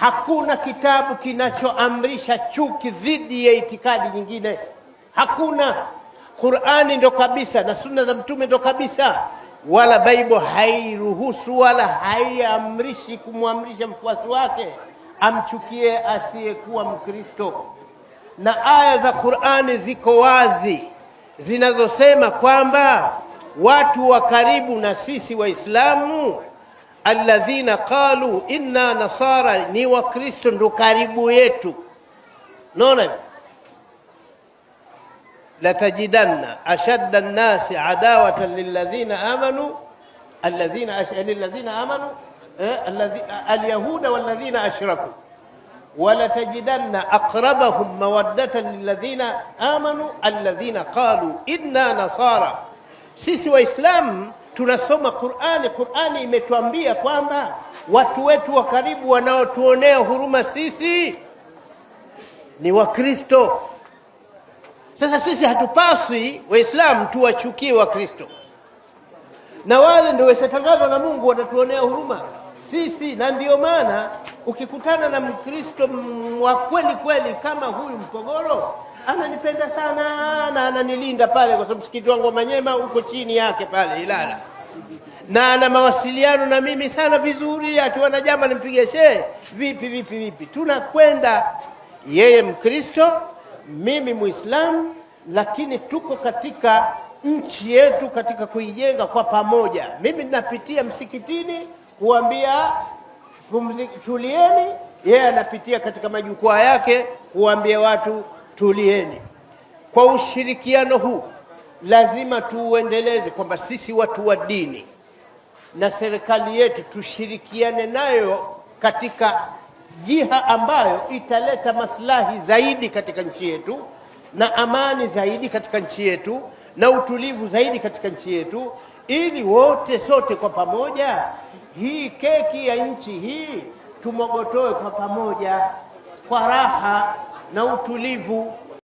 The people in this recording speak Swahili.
Hakuna kitabu kinachoamrisha chuki dhidi ya itikadi nyingine, hakuna. Qur'ani ndo kabisa na sunna za mtume ndo kabisa, wala Bible hairuhusu wala haiamrishi kumwamrisha mfuasi wake amchukie asiyekuwa Mkristo. Na aya za Qur'ani ziko wazi zinazosema kwamba watu wa karibu na sisi Waislamu alladhina qalu inna nasara ni Wakristo ndo karibu yetu. Naona latajidanna ashadda nnasi adawatan lilladhina amanu alladhina lilladhina amanu alyahuda walladhina ashraku ولتجدن أقربهم مودة للذين آمنوا الذين قالوا إنا نصارى سيسي وإسلام tunasoma Qur'ani. Qur'ani imetuambia kwamba watu wetu wa karibu wanaotuonea huruma sisi ni Wakristo. Sasa sisi hatupaswi Waislamu tuwachukie Wakristo, na wale ndio washatangazwa na Mungu watatuonea huruma sisi, na ndio maana Ukikutana na Mkristo wa kweli kweli kama huyu Mkogoro, ananipenda sana na ananilinda pale, kwa sababu msikiti wangu wa Manyema uko chini yake pale Ilala, na ana mawasiliano na mimi sana vizuri, akiwana jambo nimpige shehe, vipi vipi vipi, tunakwenda yeye Mkristo, mimi Muislamu, lakini tuko katika nchi yetu katika kuijenga kwa pamoja. Mimi ninapitia msikitini kuambia pumziki, tulieni. Yeye anapitia katika majukwaa yake kuwaambia watu tulieni. Kwa ushirikiano huu lazima tuuendeleze, kwamba sisi watu wa dini na serikali yetu tushirikiane nayo katika jiha ambayo italeta maslahi zaidi katika nchi yetu na amani zaidi katika nchi yetu na utulivu zaidi katika nchi yetu, ili wote sote kwa pamoja hii keki ya nchi hii tumogotoe kwa pamoja kwa raha na utulivu.